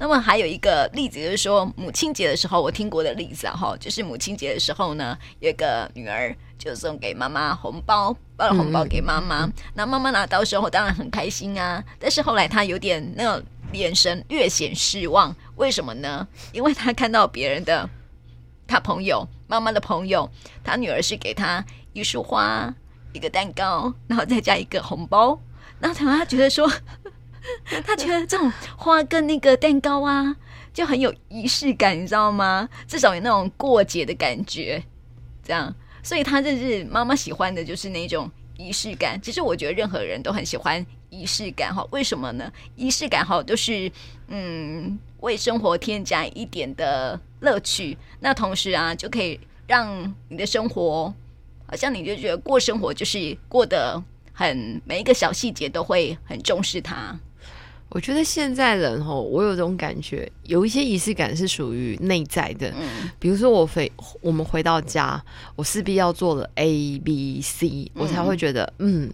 那麼還有一個例子，就是說母親節的時候，我聽過的例子哈、啊，就是母親節的時候呢，有一個女兒就送給媽媽紅包，包了紅包給媽媽。那媽媽拿到時候當然很開心啊，但是後來她有點那種眼神略顯失望，為什麼呢？因為她看到別人的，她朋友媽媽的朋友，她女兒是給她一束花、一個蛋糕，然後再加一個紅包。那她覺得說。 他覺得這種花跟那個蛋糕啊，就很有儀式感，你知道嗎？至少有那種過節的感覺，這樣。所以他這是媽媽喜歡的就是那種儀式感。其實我覺得任何人都很喜歡儀式感，哈，為什麼呢？儀式感哈、就是，都是嗯，為生活添加一點的樂趣。那同時啊，就可以讓你的生活，好像你就覺得過生活就是過得很，每一個小細節都會很重視它。我覺得現在人吼，我有種感覺，有一些儀式感是屬於內在的。比如說，我回我們回到家，我勢必要做了 A、B、C，嗯，我才會覺得嗯。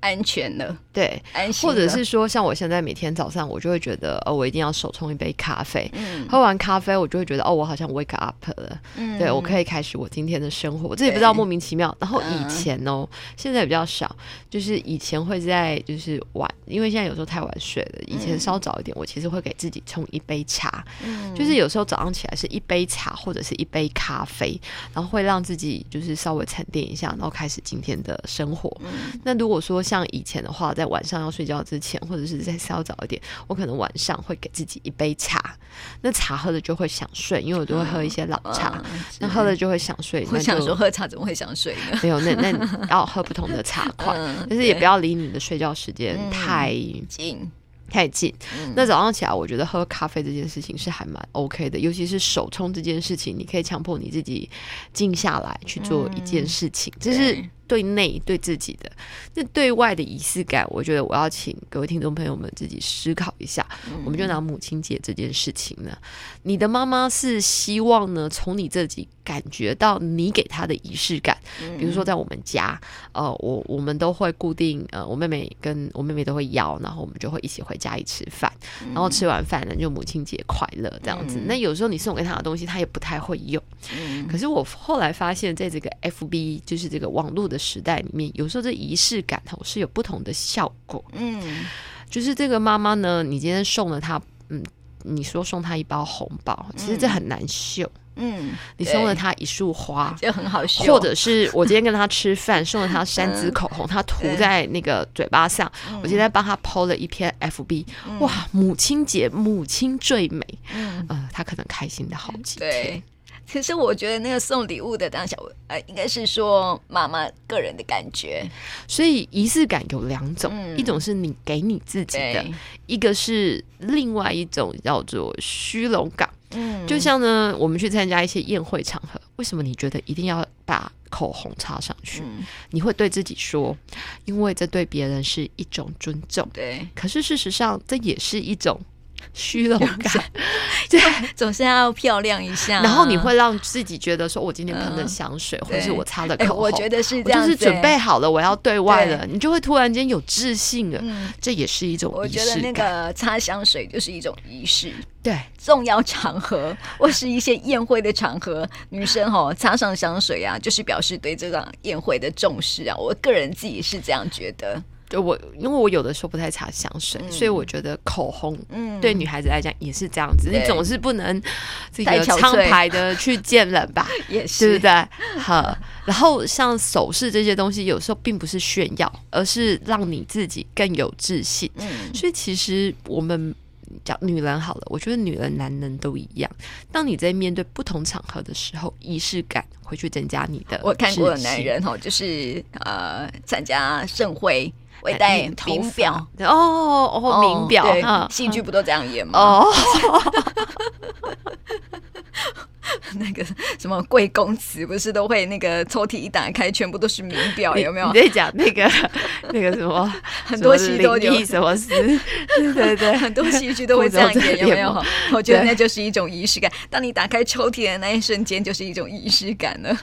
安全了，對，安心，或者是說，像我現在每天早上，我就會覺得，哦，我一定要手沖一杯咖啡，嗯、喝完咖啡，我就會覺得，哦，我好像 wake up 了，嗯、對我可以開始我今天的生活，我、嗯、也不知道莫名其妙。然後以前哦，嗯、現在比較少，就是以前會在就是晚，因為現在有時候太晚睡了，以前稍早一點，我其實會給自己沖一杯茶，嗯、就是有時候早上起來是一杯茶或者是一杯咖啡，然後會讓自己就是稍微沉澱一下，然後開始今天的生活。嗯、那如果說。像以前的話，在晚上要睡覺之前，或者是再稍早一點，我可能晚上會給自己一杯茶。那茶喝了就會想睡，因為我都會喝一些老茶，嗯嗯、那喝了就會想睡。我是就想說，喝茶怎麼會想睡呢？沒有，那那你要喝不同的茶款，嗯、但是也不要離你的睡覺時間太、嗯、近太近。嗯、那早上起來，我覺得喝咖啡這件事情是還蠻 OK 的，尤其是手沖這件事情，你可以強迫你自己靜下來去做一件事情，嗯、就是。對內，對自己的，那對外的儀式感，我覺得我要請各位聽眾朋友們自己思考一下。嗯嗯，我們就拿母親節這件事情呢，你的媽媽是希望呢，從你自己感覺到你給她的儀式感。嗯嗯，比如說在我們家，呃，我我們都會固定，呃，我妹妹跟我妹妹都會邀，然後我們就會一起回家裡吃飯，嗯嗯，然後吃完飯呢，就母親節快樂這樣子。嗯嗯，那有時候你送給她的東西，她也不太會用。嗯嗯，可是我後來發現，在這個 FB，就是這個網絡的。時代裡面，有時候這儀式感吼是有不同的效果。嗯，就是這個媽媽呢，你今天送了她，嗯，你說送她一包紅包，其實這很難秀。嗯，你送了她一束花就很好秀。對或者是我今天跟她吃飯，送了她三支口紅，她塗在那個嘴巴上。嗯、我今天幫她 PO 了一篇 FB，、嗯、哇，母親節，母親最美。嗯、呃，她可能開心的好幾天。對可是我覺得那個送禮物的當下，呃，應該是說媽媽個人的感覺。所以儀式感有兩種，嗯、一種是你給你自己的，對一個是另外一種叫做虛榮感。嗯，就像呢，我們去參加一些宴會場合，為什麼你覺得一定要把口紅擦上去？嗯、你會對自己說，因為這對別人是一種尊重。對，可是事實上這也是一種虛榮感。對，總是要漂亮一下，啊。然後你會讓自己覺得說，我今天噴的香水，嗯、或者是我擦的口紅，欸，我覺得是這樣，欸，就是準備好了，我要對外了，對你就會突然間有自信了。嗯、這也是一種儀式感。我覺得那個擦香水就是一種儀式，對重要場合或是一些宴會的場合，女生哦擦上香水呀，啊，就是表示對這個宴會的重視啊。我個人自己是這樣覺得。就我因為我有的時候不太擦香水，嗯、所以我覺得口紅對女孩子來講也是這樣子。嗯、你總是不能對這個蒼白的去見人吧？ 也是對不對？好， 然後像首飾這些東西，有時候並不是炫耀，而是讓你自己更有自信。嗯、所以其實我們講女人好了，我覺得女人、男人都一樣。當你在面對不同場合的時候，儀式感會去增加你的。我看過的男人哈、哦，就是呃，參加盛會。佩戴名錶哦哦，哦，名錶。對，戲劇不都這樣演嗎？哦， 那個什麼貴公子不是都會那個抽屜一打開，全部都是名錶，有沒有？你在講那個 那個什麼，很多戲都有什麼事？ 對，對對，很多戲劇都會這樣演， 有沒有？我覺得那就是一種儀式感。對當你打開抽屜的那一瞬間，就是一種儀式感了。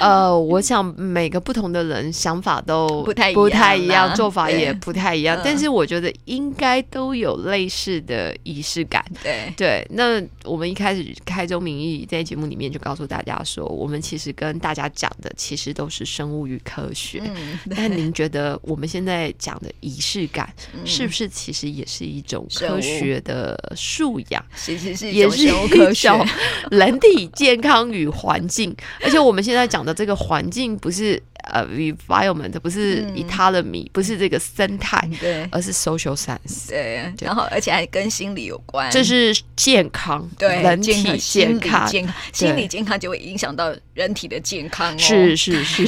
呃，我想每個不同的人想法都不太一樣，一樣啊、做法也不太一樣，對但是我覺得應該都有類似的儀式感。對對，那我們一開始開宗明義，在節目裡面就告訴大家說，我們其實跟大家講的其實都是生物與科學。那、嗯、您覺得我們現在講的儀式感是不是其實也是一種科學的素養？其實是是是，也是一種人體健康與環境， 而且我們現在講。講的這個環境不是呃，environment 不是 ecology 不是這個生態，對，而是 social science，對，然後而且還跟心理有關，這是健康，對，人體健康，健康心理健康就會影響到人體的健康哦，是是是。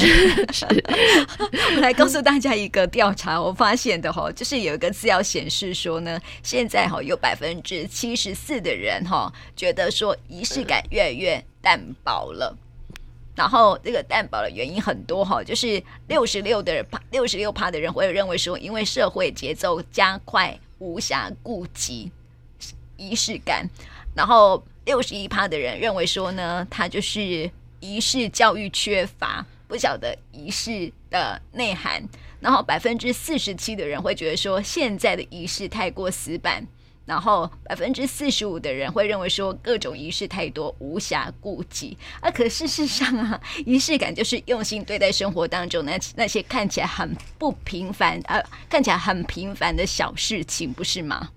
我來告訴大家一個調查，我發現的哈，就是有一個資料顯示說呢，現在哈有百分之七十四的人哈覺得說儀式感越來越淡薄了。然後這個淡薄的原因很多哈，就是六十六的六十六趴的人會認為說，因為社會節奏加快，無暇顧及儀式感；然後六十一趴的人認為說呢，他就是儀式教育缺乏，不曉得儀式的內涵；然後百分之四十七的人會覺得說，現在的儀式太過死板。然後45，百分之四十五的人會認為說，各種儀式太多，無暇顧及啊。可事實上啊，儀式感就是用心對待生活當中那那些看起來很不平凡啊，看起來很平凡的小事情，不是嗎？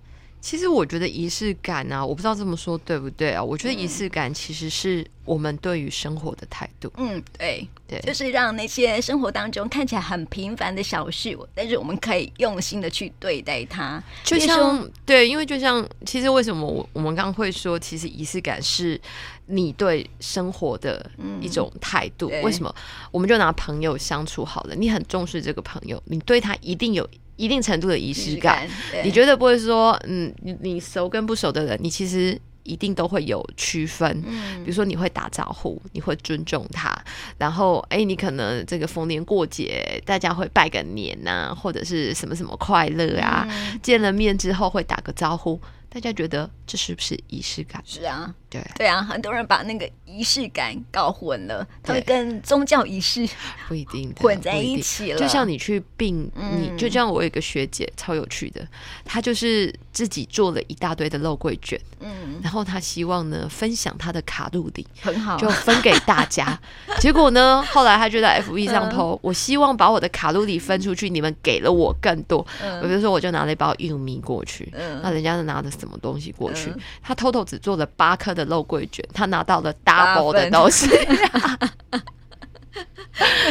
其實我覺得儀式感啊，我不知道這麼說對不對啊？我覺得儀式感其實是我們對於生活的態度。嗯，對對，就是讓那些生活當中看起來很平凡的小事，但是我們可以用心的去對待它。就像對，因為就像其實為什麼我我們剛剛會說，其實儀式感是你對生活的一種態度。嗯，為什麼？我們就拿朋友相處好了，你很重視這個朋友，你對他一定有。一定程度的儀式感，儀式感，對，你絕對不會說，嗯，你，你熟跟不熟的人，你其實一定都會有區分。嗯、比如說你會打招呼，你會尊重他，然後誒，你可能這個逢年過節，大家會拜個年吶、啊，或者是什麼什麼快樂啊，嗯、見了面之後會打個招呼。大家覺得這是不是儀式感？是啊，對對啊，很多人把那個儀式感搞混了，他們跟宗教儀式不一定混在一起了。就像你去病，你就像我有一個學姐，超有趣的，她就是自己做了一大堆的肉桂卷，嗯，然後她希望呢分享她的卡路里，很好，就分給大家。結果呢，後來她就在 F B 上頭，我希望把我的卡路里分出去，你們給了我更多。比如說，我就拿了一包玉米過去，那人家就拿着。什麼東西過去？呃、他偷偷只做了八顆的肉桂卷，他拿到了 double 的東西。哎八分、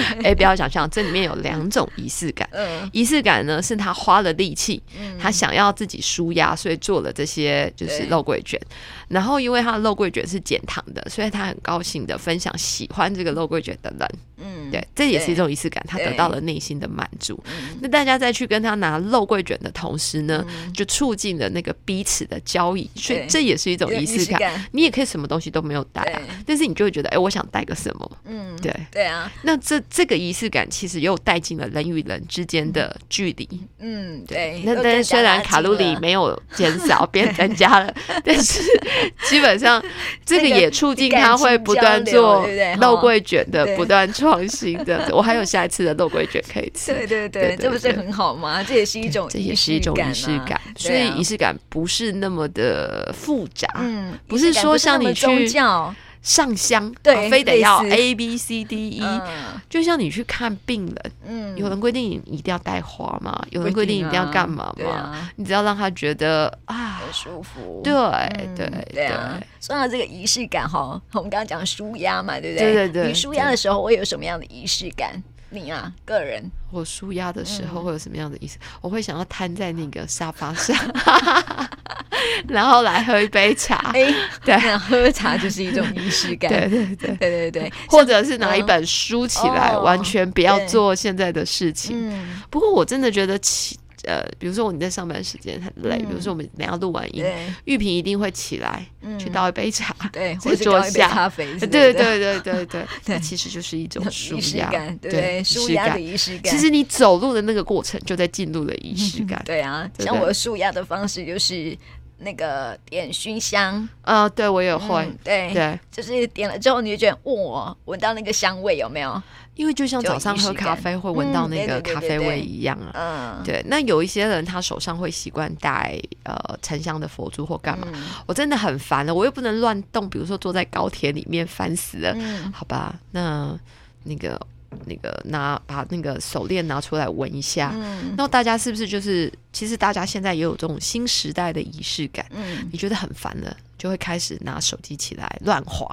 欸，不要想象這裡面有兩種儀式感。儀、呃、式感呢，是他花了力氣，嗯、他想要自己舒壓，所以做了這些就是肉桂卷。對然後，因為他的肉桂卷是減糖的，所以他很高興地分享喜歡這個肉桂卷的人。嗯。對，這也是一種儀式感，他得到了內心的滿足。那大家再去跟他拿肉桂卷的同時呢，就促進了那個彼此的交易，所以這也是一種儀式感。你也可以什麼東西都沒有帶，但是你就會覺得，哎，我想帶個什麼？嗯，對，對啊。那這這個儀式感其實又帶進了人與人之間的距離。嗯，對。那但是雖然卡路里沒有減少，變增加了，但是基本上這個也促進他會不斷做肉桂卷的不斷創新。對的，我還有下一次的肉桂卷可以吃。對對對，這不是很好嗎？這也是一種，這也是一種儀式感。所以儀式感不是那麼的複雜，嗯，不是說像你去上香，對，非得要 A B C D E，就像你去看病人，嗯，有人規定你一定要帶花嗎？有人規定你一定要幹嘛嗎？你只要讓他覺得啊。舒服，對對對啊！說到這個儀式感哈，我們剛剛講舒壓嘛，對不對？對對對，你舒壓的時候會有什麼樣的儀式感？你啊，個人，我舒壓的時候會有什麼樣的意思？我會想要癱在那個沙發上，然後來喝一杯茶。對，喝茶就是一種儀式感。對對對對對對，或者是拿一本書起來，完全不要做現在的事情。不過我真的覺得其。呃，比如說我你在上班時間很累，比如說我們等下錄完音，玉萍一定會起來去倒一杯茶，對，或者坐下，對對對對對對，那其實就是一種舒壓感，對，舒壓的儀式感。其實你走路的那個過程就在進入了儀式感。對啊，像我的舒壓的方式就是那個點熏香，啊，對我也會，對對，就是點了之後你就覺得哇，聞到那個香味有沒有？因為就像早上喝咖啡會聞到那個咖啡味一樣啊，對，那有一些人他手上會習慣戴呃沉香的佛珠或幹嘛，我真的很煩了，我又不能亂動，比如說坐在高鐵裡面煩死了，好吧，那那個那個拿把那個手鏈拿出來聞一下，那大家是不是就是其實大家現在也有這種新時代的儀式感？你覺得很煩了？就會開始拿手機起來亂滑，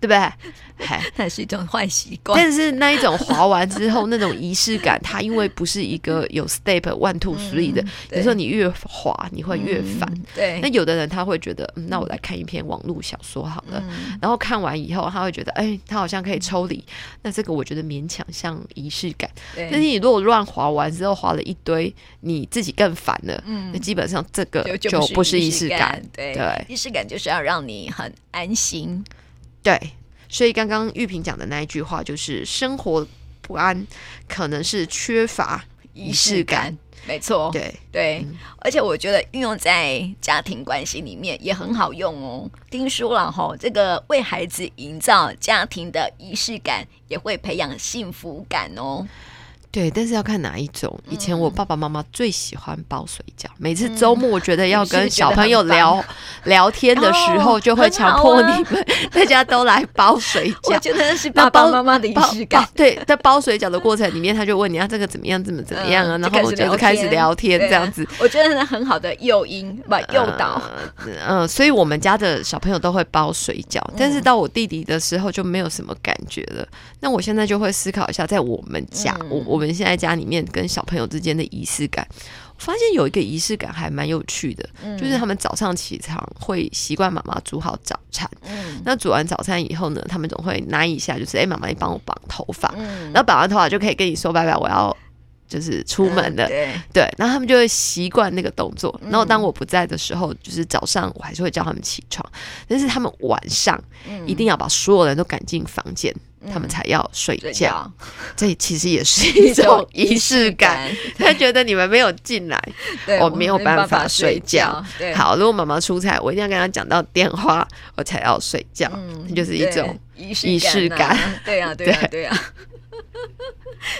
對不對？哎，那是一種壞習慣。但是那一種滑完之後，那種儀式感，它因為不是一個有 step one two three 的，比如說你越滑你會越煩。對。那有的人他會覺得，嗯，那我來看一篇網絡小說好了，然後看完以後他會覺得，哎，他好像可以抽離。那這個我覺得勉強像儀式感，但是你如果亂滑完之後滑了一堆，你自己更煩了，嗯，那基本上這個就不是儀式感。對，儀式感。就是要讓你很安心，對，所以剛剛玉萍講的那一句話就是：生活不安，可能是缺乏儀式感。儀式感沒錯，對對，對嗯、而且我覺得運用在家庭關係裡面也很好用哦。聽說了吼、哦，這個為孩子營造家庭的儀式感，也會培養幸福感哦。對，但是要看哪一種。以前我爸爸媽媽最喜歡包水餃，嗯、每次周末我覺得要跟小朋友聊、嗯、是是聊天的時候，就會強迫你們、哦。 大家都來包水餃， 我覺得那是爸爸媽媽的儀式感。對，在包水餃的過程裡面，他就問你啊，這個怎麼樣，怎麼怎麼樣啊，嗯、然後我就開始、嗯、開始聊天這樣子。我覺得很好的誘因，誘導嗯。嗯，所以我們家的小朋友都會包水餃，但是到我弟弟的時候就沒有什麼感覺了。嗯、那我現在就會思考一下，在我們家，嗯、我我們現在家裡面跟小朋友之間的儀式感。發現有一個儀式感還蠻有趣的，就是他們早上起床會習慣媽媽煮好早餐。嗯，那煮完早餐以後呢，他們總會拿一下，就是誒，媽媽你幫我綁頭髮。嗯，然後綁完頭髮就可以跟你說拜拜，我要。就是出門的，對，然後他們就會習慣那個動作。然後當我不在的時候，就是早上我還是會叫他們起床，但是他們晚上一定要把所有人都趕進房間，他們才要睡覺。這其實也是一種儀式感，他覺得你們沒有進來，我沒有辦法睡覺。好，如果媽媽出差，我一定要跟她講到電話，我才要睡覺。就是一種儀式感，對啊，對啊。對啊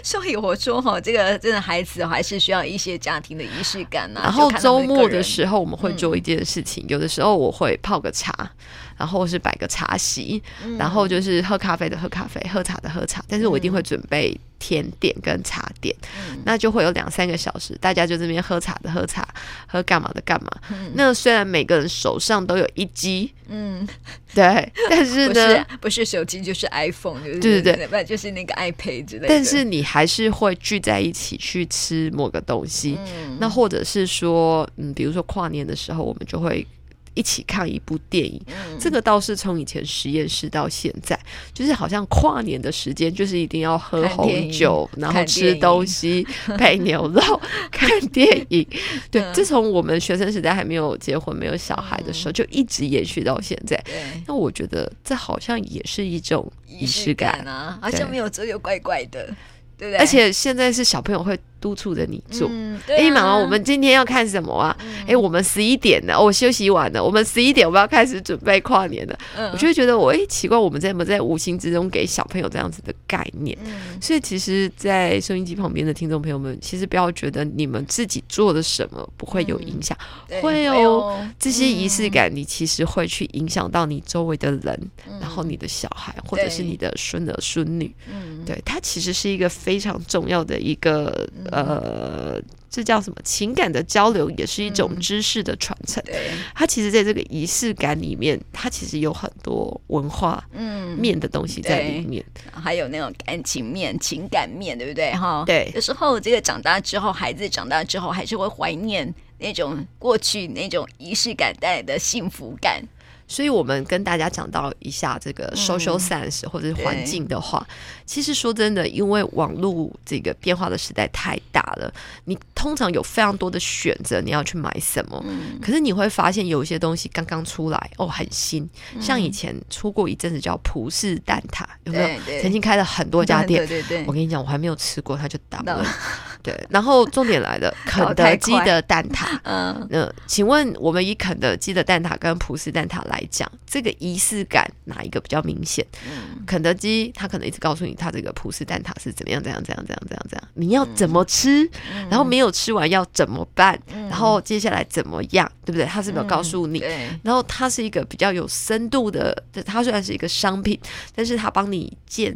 所以我說哈，這個真的孩子還是需要一些家庭的儀式感吶、啊。然後週末的時候，我們會做一件事情，嗯、有的時候我會泡個茶。然後是擺個茶席，嗯、然後就是喝咖啡的喝咖啡，喝茶的喝茶。但是我一定會準備甜點跟茶點，嗯、那就會有兩三個小時，大家就這邊喝茶的喝茶，喝幹嘛的幹嘛。嗯、那雖然每個人手上都有一機，嗯，對，但是呢，不是，不是手機就是 iPhone，對、就、對、是、對，就是那個 iPad 之類的。但是你還是會聚在一起去吃某個東西，嗯、那或者是說，嗯，比如說跨年的時候，我們就會。一起看一部電影，嗯、這個倒是從以前實驗室到現在，就是好像跨年的時間，就是一定要喝紅酒，然後吃東西，配牛肉， 看電影。對，嗯、自從我們學生時代還沒有結婚、沒有小孩的時候，就一直延續到現在。那、嗯、我覺得這好像也是一種儀式感，儀式感啊，對好像沒有這個怪怪的，對不對？而且現在是小朋友會。督促着你做。哎、嗯，媽、啊欸、媽，我們今天要看什麼啊？哎、嗯欸，我們十一點了、啊，我休息完了，我們十一點我們要開始準備跨年了。嗯、我就會覺得我哎、欸、奇怪，我們在不在無形之中給小朋友這樣子的概念？嗯、所以其實，在收音機旁邊的聽眾朋友們，其實不要覺得你們自己做的什麼不會有影響，嗯、對會哦。嗯、這些儀式感，你其實會去影響到你周圍的人，嗯、然後你的小孩或者是你的孫兒孫女。對嗯，對，它其實是一個非常重要的一個。呃，這叫什麼？情感的交流也是一種知識的傳承，嗯。對，它其實在這個儀式感裡面，它其實有很多文化嗯面的東西在裡面，嗯、還有那種感情面、情感面對不對？哈、嗯，對。有時候，這個長大之後，孩子長大之後，還是會懷念那種過去那種儀式感帶來的幸福感。所以我們跟大家講到一下這個 social sense 或者是環境的話，嗯、其實說真的，因為網絡這個變化的時代太大了，你通常有非常多的選擇，你要去買什麼。嗯、可是你會發現有一些東西剛剛出來哦，很新，像以前出過一陣子叫葡式蛋撻，嗯、有沒有？對對對，曾經開了很多家店，對對，對對。我跟你講，我還沒有吃過，它就倒了。對，然後重點來了， 肯德基的蛋撻、哦。嗯，那、呃、請問我們以肯德基的蛋撻跟葡式蛋撻來講，這個儀式感哪一個比較明顯？嗯、肯德基他可能一直告訴你，他這個葡式蛋撻是怎麼樣，怎樣，怎樣，怎樣，怎樣，怎樣。你要怎麼吃？嗯、然後沒有吃完要怎麼辦？嗯、然後接下來怎麼樣？對不對？他是沒有告訴你。嗯、然後它是一個比較有深度的，它雖然是一個商品，但是他幫你建。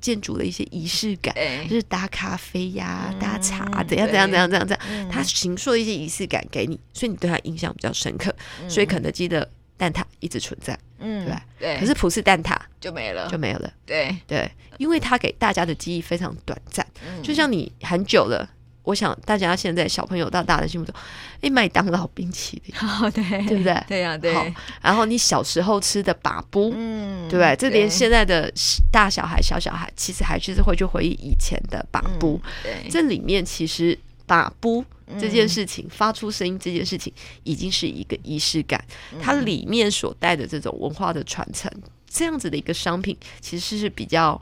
建築的一些儀式感，就是搭咖啡呀、搭茶怎樣怎樣怎樣怎樣這樣，他形塑的一些儀式感給你，所以你對他印象比較深刻，所以肯德基的蛋撻一直存在，對吧？對。可是葡式蛋撻就沒了，就沒了。對對，因為他給大家的記憶非常短暫，就像你很久了。我想大家現在小朋友到大，大的心目中，誒，麥當勞冰淇淋，Oh, 對，對不對？對呀，啊，對。好，然後你小時候吃的把布，嗯，對不對，對？這連現在的大小孩、小小孩，其實還就是會去回憶以前的把布、嗯。這裡面其實把布這件事情，嗯、發出聲音這件事情，已經是一個儀式感。嗯、它裡面所帶的這種文化的傳承，這樣子的一個商品，其實是比較。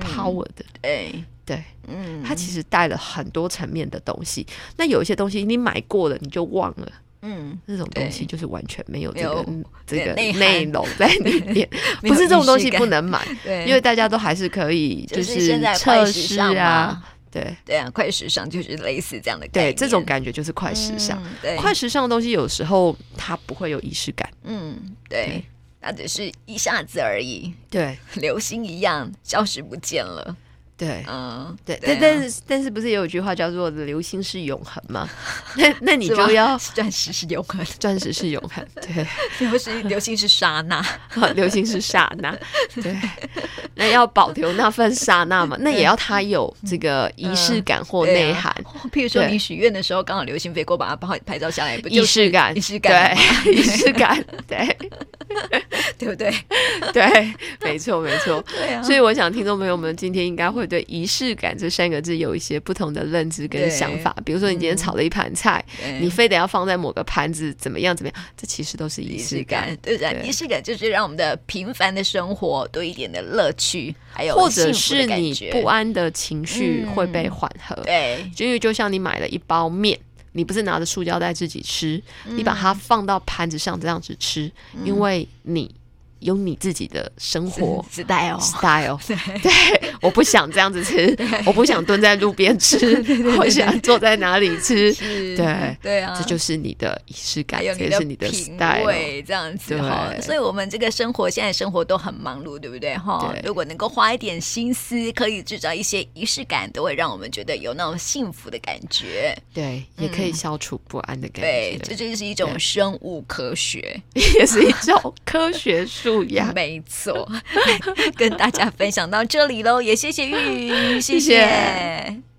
power 的，哎，對，嗯，它其實帶了很多層面的東西。那有一些東西你買過了，你就忘了，嗯，這種東西就是完全沒有這個這個內容在裡面。不是這種東西不能買，因為大家都還是可以就是快時尚啊，對對啊，快時尚就是類似這樣的，對，這種感覺就是快時尚。快時尚的東西有時候它不會有儀式感，嗯，對。那只是一下子而已，對，流星一樣消失不見了。對，嗯，對，但但是但是不是也有句話叫做流星是永恆嗎？那那你就要鑽石是永恆，鑽石是永恆，對，流星流星是剎那，流星是剎那，對，那要保留那份剎那嘛？那也要它有這個儀式感或內涵。譬如說你許願的時候，剛好流星飛過，把它拍拍照下來，不就是儀式感，儀式感，儀式感，對。對不對？ 對，沒錯，沒錯。 啊、所以我想聽眾朋友們今天應該會對“儀式感”這三個字有一些不同的認知跟想法。對比如說，你今天炒了一盤菜，嗯、你非得要放在某個盤子，怎麼樣，怎麼樣、啊？這其實都是儀式，式感。對、啊，儀對式感就是讓我們的平凡的生活多一點的樂趣，還有感或者是你不安的情緒會被緩和、嗯。對，就因為就像你買了一包麵，你不是拿着塑膠袋自己吃，嗯、你把它放到盤子上這樣子吃，嗯、因為你。有你自己的生活 style，style，對，我不想這樣子吃，我不想蹲在路邊吃，我想坐在哪裡吃，對對啊，這就是你的儀式感，也是你的品味對，這樣子哈。所以我們這個生活現在生活都很忙碌，對不對哈？如果能夠花一點心思，可以制造一些儀式感，都會讓我們覺得有那種幸福的感覺，對，也可以消除不安的感覺。對，這就是一種生物科學，也是一種科學術。沒錯， 跟大家分享到這裡嘍，也謝謝玉玉，謝謝。謝謝。